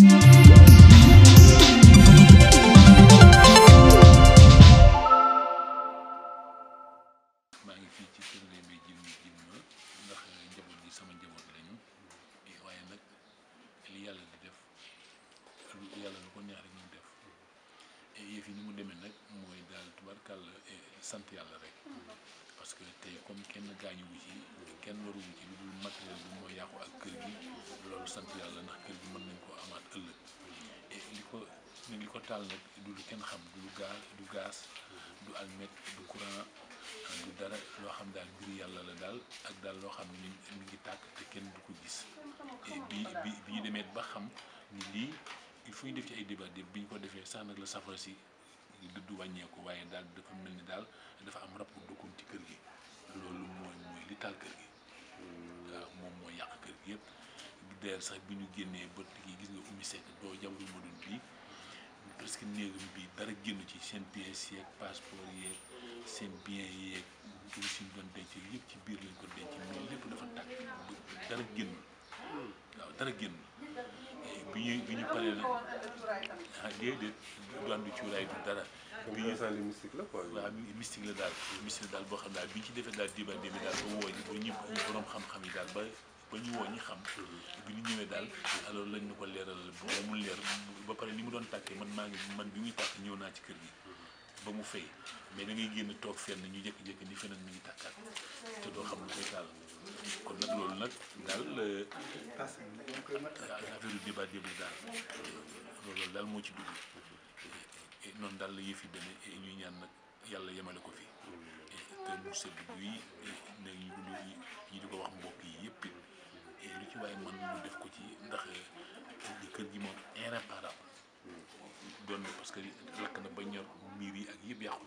maa ngi fi ci kër mi Mbaye Djilma Djilma ndax njaboot gi sama njaboot lañu waaye nag li yàlla di def yàlla lu ko neex rek ñu def yëf yi ni mu demee nag mooy daal tubarkàlla sant yàlla rek parce que tey comme kenn gaañu wu ci kenn waru ci lu dul matériel bi moo yàqu ak kër gi loolu sant yàlla ndax kër pétal nag du lu kenn xam du gaz du gaz du almet du courant ah, du dara lo xam daal mbiri yàlla la daal ak daal loo xam ni mi ngi te kenn du ko gis bi bi bi ñu demee ba xam ni lii il faut ñu def ci ay débat bi ñu ko defee sax nag la safara si du wàññeeku waaye dal dafa mel ni daal dafa am rab bu dëkkoon ci kër gi loolu mooy mooy li taal kër gi waaw ah, moom moo kër gi sax gi gis nga parce que néegam bi dara génn ci seen pièces yeeg passeport yeeg seen bien yeeg pour suñ doon denc yëpp ci biir lañ ko denc mais lépp dafa tàkk dara génn waaw dara génn bi ñu bi ñu paree nag ah déedéet doon du cuuraay du dara. bi ñu sànni mystique la quoi. waaw mystique la daal mystique la daal boo xam daal bi ñu ci defee daal diibaat bi daal ba woo ñi ba ñëpp xam-xam yi daal ba. ba ñu woo ñi xam euh, bi ñu ñëwee daal alors lañ ñu ko bu mu leer ba pare ni mu doon tàkkee man maa ngi man bi muy tàkk ñëw naa ci kër gi ba mu fay mais da ngay génn toog fenn ñu jékki-jékki ni feneen mi ngi tàkkaat te doo xam lu koy taal kon nag loolu nag daal euh, euh, affaire yu débat débat dal loolu dal mo ci dugg noonu daal la yëf yi demee ñaan nag yàlla yemale ko fi te mu sedd ne ñu di ko wax mbokk yi yëpp lu ci waaye mën ñu def ko ci ndax euh, kër gi moom irréparable hmm. doon na parce que lakk na ba ñor miir yi ak yëpp yàqu